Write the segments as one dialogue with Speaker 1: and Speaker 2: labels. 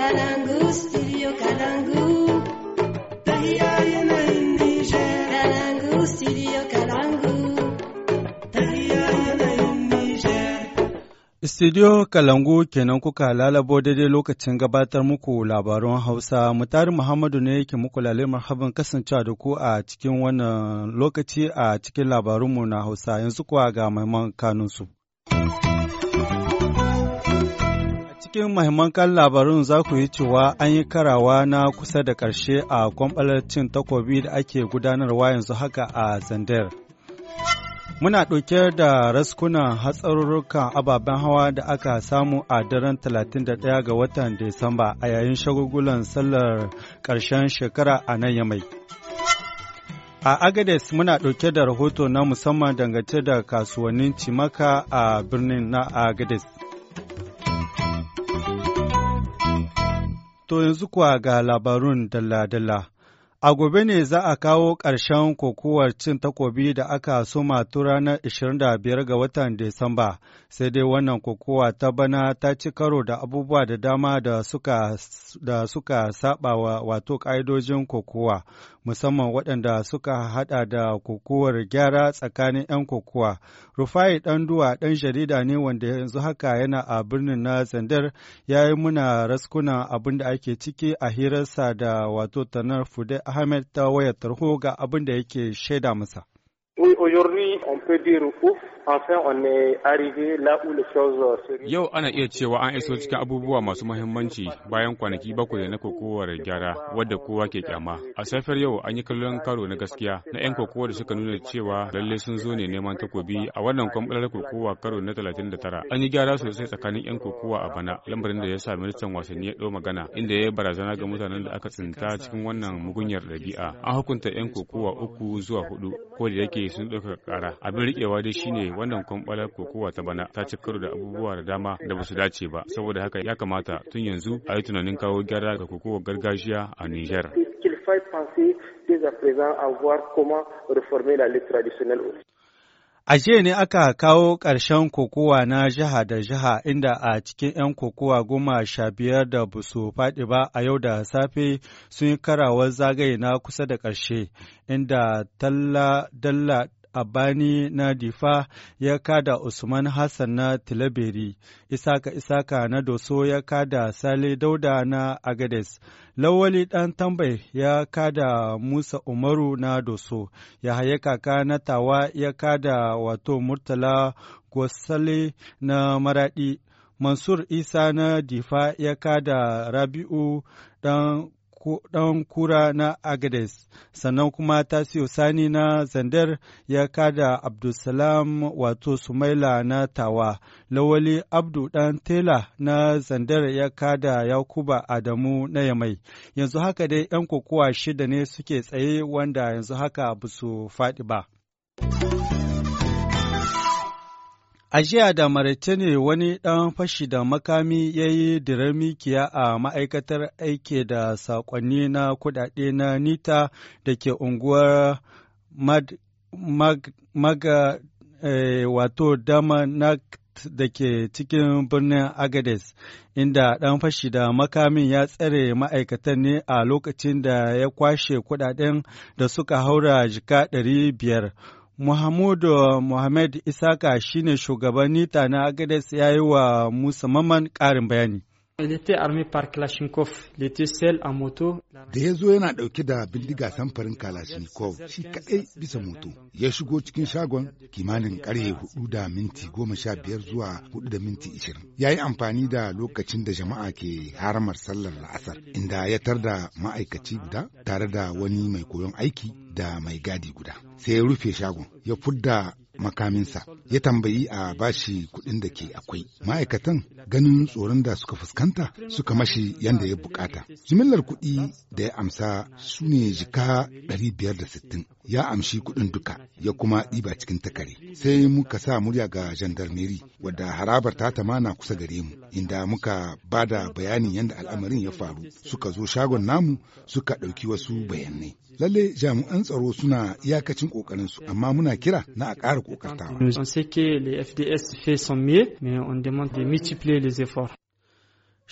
Speaker 1: Kalangu, studio Kalangu. kenan kuka lalabo daidai lokacin gabatar muku labarun Hausa. Mutari Muhammadu ne yake muku lalimar habin kasancewa da ku a cikin wannan lokaci a cikin labarunmu na Hausa yanzu kuwa ga maimakon kanunsu. cikin mahimman labarun za ku yi cewa an yi karawa na kusa da ƙarshe a kwamɓalar takobi da ake gudanarwa yanzu haka a zander Muna ɗauke da raskunan hatsarurrukan ababen hawa da aka samu a daren 31 ga watan Disamba a yayin shagugulan sallar ƙarshen shekara a nan yamai. A Agades muna ɗauke da rahoto na musamman dangance da kasuwannin cimaka a birnin na Agades. To yanzu kuwa ga labarun dalla-dalla. A gobe ne za a kawo ƙarshen kokowar cin takobi da aka suma tun ranar 25 ga watan Disamba, sai dai wannan kokowa ta bana ta ci karo da abubuwa da dama da suka, da saba wa wato ƙa'idojin kokowa, musamman waɗanda suka haɗa da kokowar gyara tsakanin 'yan kokowa. Rufai Ɗanduwa ɗan jarida ne wanda yanzu haka yana a birnin na Zandar ya yi muna raskunan abin da ake ciki a hirarsa da wato Tanar Fude Ahmed ta wayar tarho ga abin da yake shaida masa. Oui, aujourd'hui, on peut dire
Speaker 2: Yau ana iya cewa an iso cikin abubuwa masu mahimmanci bayan kwanaki bakwai na kokowar gyara wadda kowa ke kyama. A safiyar yau an yi kallon karo na gaskiya na 'yan kokowa da suka nuna cewa lalle sun zo ne neman takobi a wannan kwamfular kokowa karo na 39. An yi gyara sosai tsakanin 'yan kokowa a bana lamarin da ya sa ministan wasanni ya ɗau magana inda ya yi barazana ga mutanen da aka tsinta cikin wannan mugunyar ɗabi'a. An hukunta 'yan kokowa uku zuwa hudu ko da yake sun ɗauka ƙara. Abin riƙewa dai shine wannan kwamɓalar kokowa ta bana ta ci karo da abubuwa da dama da ba su dace ba saboda haka ya kamata tun yanzu a yi tunanin kawo gyara ga kokowar gargajiya a niger.
Speaker 1: A jiya ne aka kawo ƙarshen kokowa na jiha da jiha inda a cikin 'yan kokowa goma sha biyar da ba su faɗi ba a yau da safe sun yi karawar zagaye na kusa da ƙarshe inda talla dalla Abani na Difa ya kada Usman Hassan na Tilaberi, Isaka Isaka na Doso ya kada Sale Dauda na Agades, Lawali ɗan Tambay ya kada Musa Umaru na Doso, Yahaya Kaka na Tawa ya kada wato Murtala Gosale na Maraɗi. Mansur Isa na Difa ya kada Rabi'u ɗan ɗan kura na Agades, sannan kuma siyo Sani na Zandar ya kada Abdulsalam wato Sumaila na Tawa, Lawali Abdu ɗan Tela na Zandar ya kada Yakuba Adamu na Yamai. Yanzu haka dai ‘yan kokowa shida ne suke tsaye wanda yanzu haka ba su faɗi ba. A jiya da ne wani ɗan fashi da makami ya yi diramikiya a ma'aikatar aike da saƙonni na kuɗaɗe na Nita da ke unguwar Maga eh, wato dama na da ke cikin birnin Agades, inda ɗan fashi da makamin ya tsare ma'aikatan ne a lokacin da ya kwashe kuɗaɗen da suka haura jika ɗari biyar. Muhammadu Mohamed Isaka shine shugaban Nita na Agades ya yi wa Musa Maman ƙarin
Speaker 3: bayani. Da ya zo yana ɗauke da bindiga samfarin Kalashnikov shi kaɗai bisa moto ya shigo cikin shagon kimanin ƙarfe hudu da minti goma sha biyar zuwa hudu da minti ishirin. Ya yi amfani da lokacin da jama'a ke haramar sallar la'asar inda ya tar da ma'aikaci guda tare da wani mai koyon aiki da mai gadi guda. Sai ya rufe shagon ya fudda makaminsa ya tambayi a bashi kuɗin da ke akwai ma'aikatan ganin tsoron da suka fuskanta suka mashi yadda ya bukata jimillar kuɗi da ya amsa su ne jika 560 ya amshi kuɗin duka ya kuma ɗiba cikin takare. Sai muka sa murya ga jandarmeri wadda harabar ta tama na kusa gare mu inda muka ba da bayanin yadda al'amarin ya faru suka zo shagon namu suka ɗauki wasu bayanai. Lalle jami'an tsaro suna iyakacin ƙoƙarinsu amma muna kira na a ƙara ƙoƙartawa.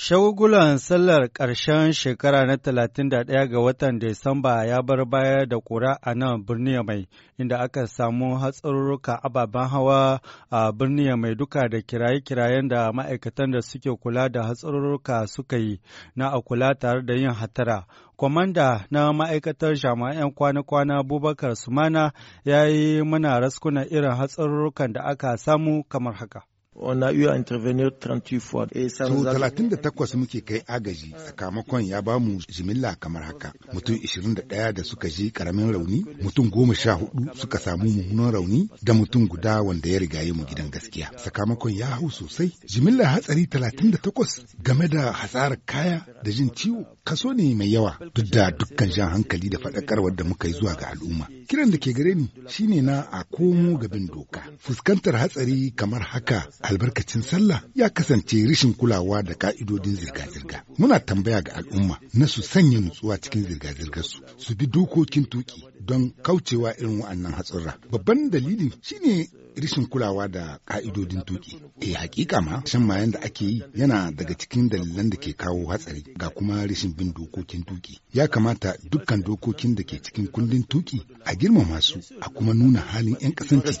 Speaker 1: Shagulan sallar ƙarshen shekara na 31 ga watan Disamba ya bar baya da ƙura a nan birni mai, inda aka samu hatsarurruka ababen hawa a birni mai duka da kiraye-kirayen da ma'aikatan da suke kula da hatsarurruka suka yi na a kula tare da yin hatara. Kwamanda na ma'aikatar jama'an kwana-kwana Abubakar Sumana ya yi mana raskuna irin hatsarurrukan da aka samu kamar haka.
Speaker 3: on a eu à intervenir 38 fois. ça 38 muke kai agaji sakamakon ya ba mu jimilla kamar haka. Mutum 21 da suka ji karamin rauni, mutum 14 suka samu mummunan rauni da mutum guda wanda ya rigaye mu gidan gaskiya. Sakamakon ya hau sosai. Jimilla hatsari 38 game da hasarar kaya da jin ciwo kaso ne mai yawa duk da dukkan jan hankali da faɗakarwar da muka yi zuwa ga al'umma. kiran da ke gare ni shine na a komo gabin doka. Fuskantar hatsari kamar haka albarkacin sallah ya kasance rashin kulawa da ka'idodin zirga-zirga. Muna tambaya ga al'umma na su sanya nutsuwa cikin zirga-zirgarsu, su bi dokokin tuki don kaucewa irin wa'annan hatsura. Babban dalilin shine rishin kulawa da ka'idodin tuki. Eh hakika ma shan mayan da ake yi yana daga cikin dalilan da ke kawo hatsari ga kuma rashin bin dokokin tuki. Ya kamata dukkan dokokin da ke cikin kundin tuki a girmama su a kuma nuna halin 'yan ƙasan ciki.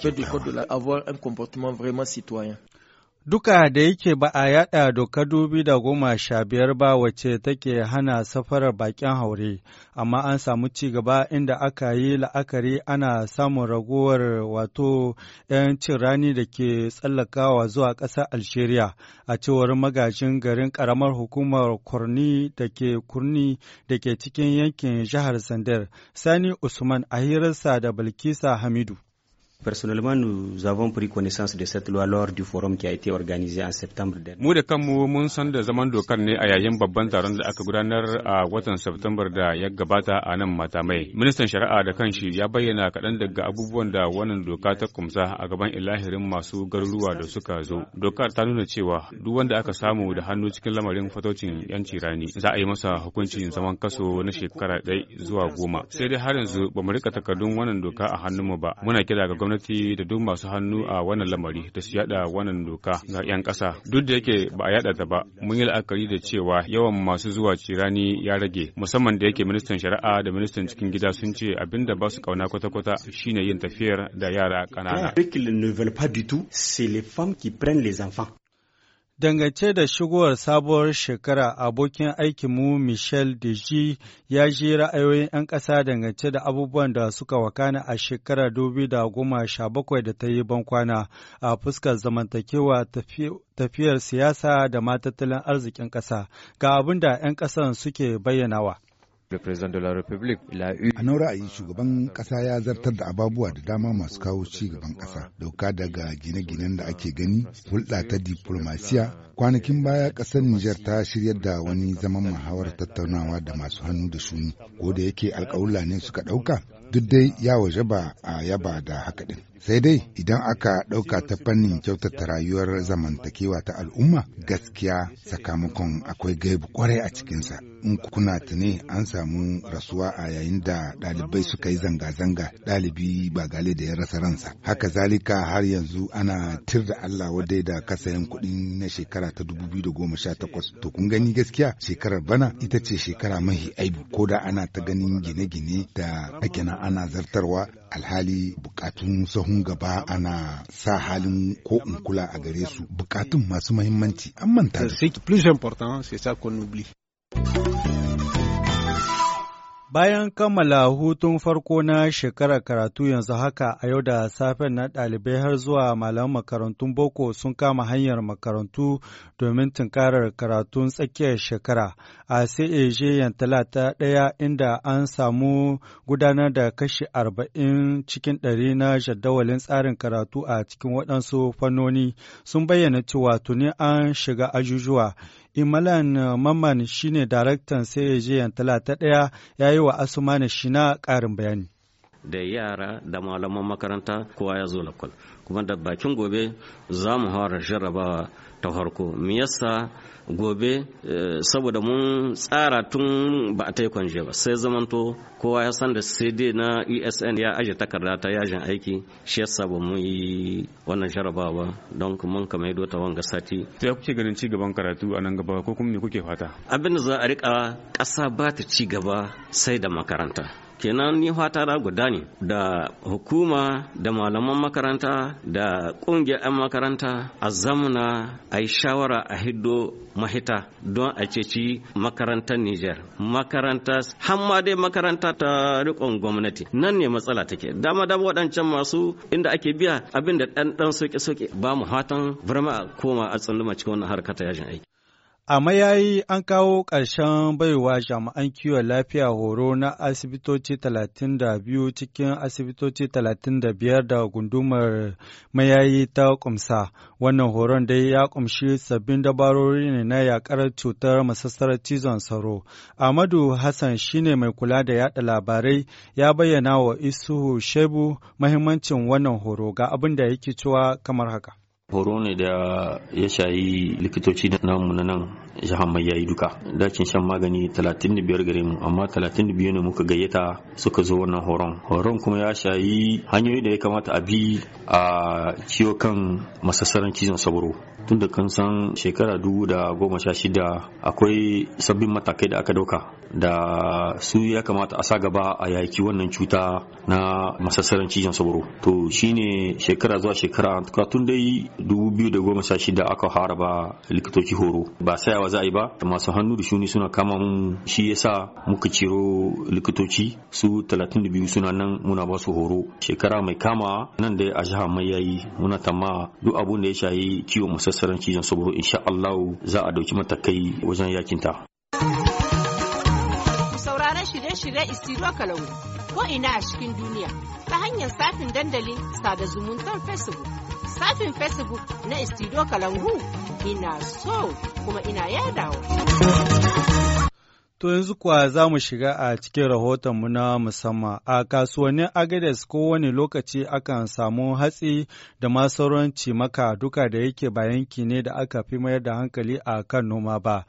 Speaker 1: Duka da yake ba a yada doka dubi da goma sha biyar ba wace take hana safarar bakin haure, amma an samu ci gaba inda aka yi la'akari ana samun ragowar wato 'yancin rani da ke tsallakawa zuwa ƙasar Algeria a cewar magajin garin ƙaramar hukumar Kurni da ke Kurni da ke cikin yankin jihar Sandar, Sani Usman a hirarsa da Bilkisa Hamidu. Personnellement, nous
Speaker 4: avons pris connaissance de cette loi lors du forum qui a été organisé en septembre dernier.
Speaker 2: Mu da kanmu mun san da zaman dokar ne a yayin babban taron da aka gudanar a watan September da ya gabata a nan matamai. Ministan Shari'a da kanshi ya bayyana kaɗan daga abubuwan da wannan doka ta kumsa a gaban ilahirin masu garuruwa da suka zo. Dokar ta nuna cewa duk wanda aka samu da hannu cikin lamarin fatocin yanci rani za a yi masa hukuncin zaman kaso na shekara ɗaya zuwa goma. Sai dai har yanzu ba mu rika takardun wannan doka a hannunmu ba. Muna kira ga gwamnati da duk masu hannu a wannan lamari da su yada wannan doka ga 'yan ƙasa. Duk da yake ba a yada ta ba, mun yi la'akari da cewa yawan masu zuwa cirani ya rage, musamman da yake ministan shari'a da ministan cikin gida sun ce abin da ba su kauna kwata-kwata shine yin tafiyar da yara ƙanana.
Speaker 1: Dangance da shigowar sabuwar shekara abokin aikinmu Michel Deji ya ji ra'ayoyin 'yan ƙasa dangance da abubuwan da suka wakana a shekarar 2017 da ta yi bankwana a fuskar zamantakewa tafiyar siyasa da matattalin arzikin ƙasa ga abin da 'yan ƙasar suke bayyanawa. le président de
Speaker 3: a eu... A ra'ayi shugaban kasa ya zartar da ababuwa da dama masu kawo ci gaban ƙasa. Dauka daga gine-ginen da ake gani, hulɗa ta diplomasiya. Kwanakin baya ƙasar Nijar ta shiryar da wani zaman muhawar tattaunawa da masu hannu da shuni. Ko da yake alƙawula ne suka ɗauka, duk dai ya waje ba a yaba da haka ɗin. Sai dai idan aka ɗauka ta fannin kyautata rayuwar zamantakewa ta al'umma gaskiya sakamakon akwai gaibu kwarai a cikinsa. In kuna tuni an samu rasuwa a yayin da ɗalibai suka yi zanga-zanga ɗalibi ba gale da ya rasa ransa. Haka zalika har yanzu ana tir da Allah wadai da kasayin kuɗi na shekara ta da goma 2018. To kun gani gaskiya shekarar bana ita ce shekara mahi aibu ko da ana ta ganin gine-gine da ake ana zartarwa alhali bukatun sahun gaba ana sa halin ko in kula a gare su bukatun masu mahimmanci an manta da su. Bayan
Speaker 1: kammala hutun farko na shekarar karatu yanzu haka a yau da safen na ɗalibai har zuwa malaman makarantun boko sun kama hanyar makarantu domin tunkarar karatun tsakiyar shekara a CAG talata ɗaya inda an samu gudanar da kashi arba'in cikin ɗari na jadawalin tsarin karatu a cikin waɗansu fannoni sun bayyana cewa tuni an shiga ajujuwa Imalan eh, Mamman shine daraktan CAG talata ɗaya ya yi wa Asumani Shina ƙarin bayani.
Speaker 4: da yara da malaman makaranta kowa ya zo lakwal kuma da bakin gobe za mu fara jarrabawa ta farko me yasa gobe eh, saboda mun tsara tun ba a ta yi ba sai zamanto kowa ya san da cd na esn ya aje takarda ta yajin aiki shi yasa ba mu yi wannan jarabawa ba don mun ka maido ta wanga sati ya kuke ganin ci gaban karatu a nan
Speaker 2: gaba ko kuma me kuke fata
Speaker 4: abin da za a rika ƙasa ba ta ci gaba sai da makaranta kenan ni fata na guda ne da hukuma da malaman makaranta da ƙungiyar 'yan makaranta a zamuna a yi shawara a hiddo mahita don a ceci makarantar Nijar. Makaranta hamma dai makaranta ta rikon gwamnati nan ne matsala take. Dama dama waɗancan masu inda ake biya abin da ɗan ɗan soke soke ba mu fatan koma a tsunduma cikin wannan harkar ta yajin aiki.
Speaker 1: A mayayi an kawo ƙarshen baiwa jami'an kiwon lafiya horo na asibitoci 32 cikin asibitoci 35 da gundumar mayayi ta kumsa. Wannan horon dai ya kumshi sabbin dabarori ne na yakar cutar masassarar cizon sauro. Ahmadu Hassan shine mai kula da yada labarai ya bayyana wa Isuhu Shebu mahimmancin wannan horo ga abin da yake cewa kamar haka.
Speaker 5: horo ne da ya shayi likitoci namu na nan jihar mai yayi duka dakin shan magani 35 gare mu amma 32 ne muka gayyata suka zo wannan horon horon kuma ya shayi hanyoyi da ya kamata a bi a ciwo kan masassaran cizon saboro. tun da kan san shekara dubu goma sha shida akwai sabbin matakai da aka dauka da su ya kamata a sa gaba a yaki wannan cuta na masassaran cizon saburo to shine shekara zuwa shekara tun dai 2016 aka haraba ba likitoci horo ba sayawa za a yi ba masu hannu da shuni suna kama mun shi yasa muka ciro likitoci su 32 suna nan muna ba su horo shekara mai kama nan da a jiha mai yayi muna tamma duk abun da ya shayi kiwon masassaran cizon in insha Allah za a dauki matakai wajen yakin ta
Speaker 4: sauraron shirye-shirye istiro kalangu ko ina a cikin duniya ta hanyar safin dandalin sada zumuntar facebook shafin facebook na istido kalangu ina so kuma ina yadawa.
Speaker 1: To yanzu kuwa za mu shiga a cikin rahoton mu na musamman a kasuwannin Agades kowane lokaci akan samu hatsi da ma maka cimaka duka da yake ba yanki ne da aka fi mayar da hankali a kan noma ba.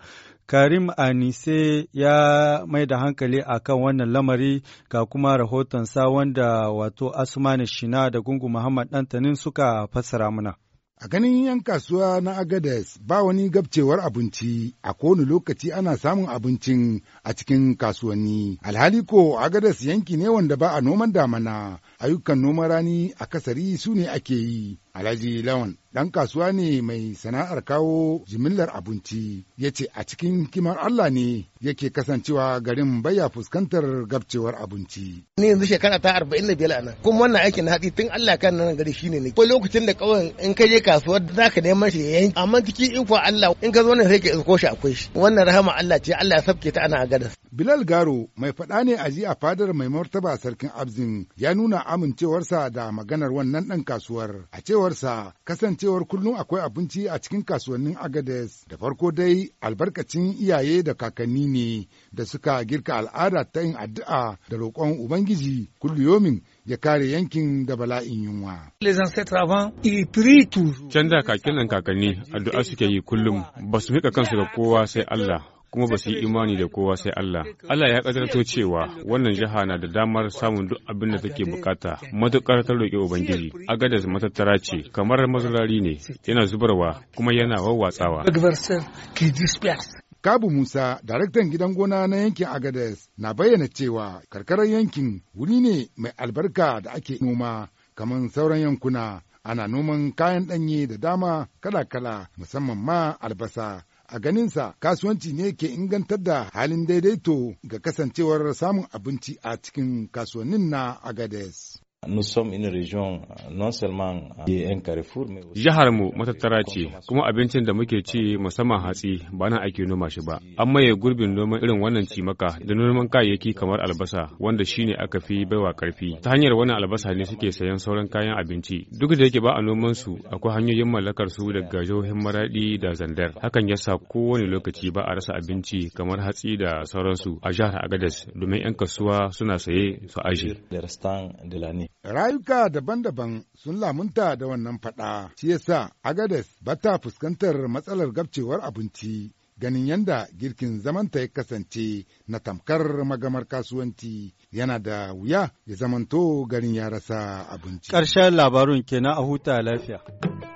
Speaker 1: Karim Anise ya mai da hankali a kan wannan lamari ga kuma rahotonsa wanda wato Asmani Shina da Gungu Muhammad Dantanin suka fassara muna.
Speaker 3: A ganin yan kasuwa na Agades ba wani gabcewar abinci a kowane lokaci ana samun abincin a cikin kasuwanni. Alhali ko Agades yanki ne wanda ba a noman damana ayyukan noman rani a kasari su ne ake yi. Alhaji Lawan ɗan kasuwa ne mai sana'ar kawo jimillar abinci ya ce a cikin kimar Allah ne yake kasancewa garin baya fuskantar gabcewar abinci. Ni yanzu shekara ta arba'in da biyar nan kuma wannan aikin hatsi tun Allah kan nan gari shi ne. Ko lokacin da kawai in ka je kasuwar za ka neman shi yanki, amma ciki in Allah in ka zo nan sai ka isko shi akwai shi. Wannan rahama Allah ce Allah ya sabke ta ana a gadas. Bilal Garo mai faɗa ne a ji a fadar mai martaba sarkin Abzin ya nuna amincewarsa da maganar wannan ɗan kasuwar. A cewarsa kasancewar kullum akwai abinci a cikin kasuwannin Agades da farko dai albarkacin iyaye da kakanni ne da suka girka al'ada ta yin addu'a da roƙon Ubangiji kulliyomin ya kare yankin da bala'in yunwa.
Speaker 2: Canza kakin nan kakanni addu'a suke yi kullum ba su miƙa kansu da kowa sai Allah kuma ba su yi imani da kowa sai Allah. Allah ya kadarto cewa wannan jiha na da damar samun duk abin da take bukata matuƙar ta roƙi Ubangiji. Agadas matattara ce kamar mazurari ne yana zubarwa kuma yana wawwatsawa.
Speaker 3: Kabu Musa, daraktan gidan gona na yankin Agadez, na bayyana cewa karkarar yankin wuri ne mai albarka da ake noma kamar sauran yankuna. Ana noman kayan ɗanye da dama kala-kala musamman ma albasa. a ganinsa kasuwanci ne ke ingantar da halin daidaito ga kasancewar samun abinci a cikin kasuwannin na Agades. Nous sommes une région euh, euh,
Speaker 2: Jihar mu matattara ce kuma abincin da muke ci musamman hatsi ba nan ake noma shi ba. An maye gurbin noman irin wannan cimaka da noman kayayyaki kamar albasa wanda shine aka fi baiwa karfi. Ta hanyar wannan albasa ne suke sayan sauran kayan abinci. Duk da yake ba a noman su akwai hanyoyin mallakar su daga jihohin Maradi da Zandar. Hakan yasa kowane lokaci ba a rasa abinci kamar hatsi da sauransu a jihar Agadez domin 'yan kasuwa suna saye su aje.
Speaker 3: Rayuka daban-daban sun lamunta da wannan faɗa, shi yasa Agades ba ta fuskantar matsalar gabcewar abinci ganin yadda girkin zamanta ya kasance na tamkar magamar kasuwanci yana da wuya ya zamanto garin ya rasa abinci.
Speaker 1: Karshen labarun kenan a huta lafiya.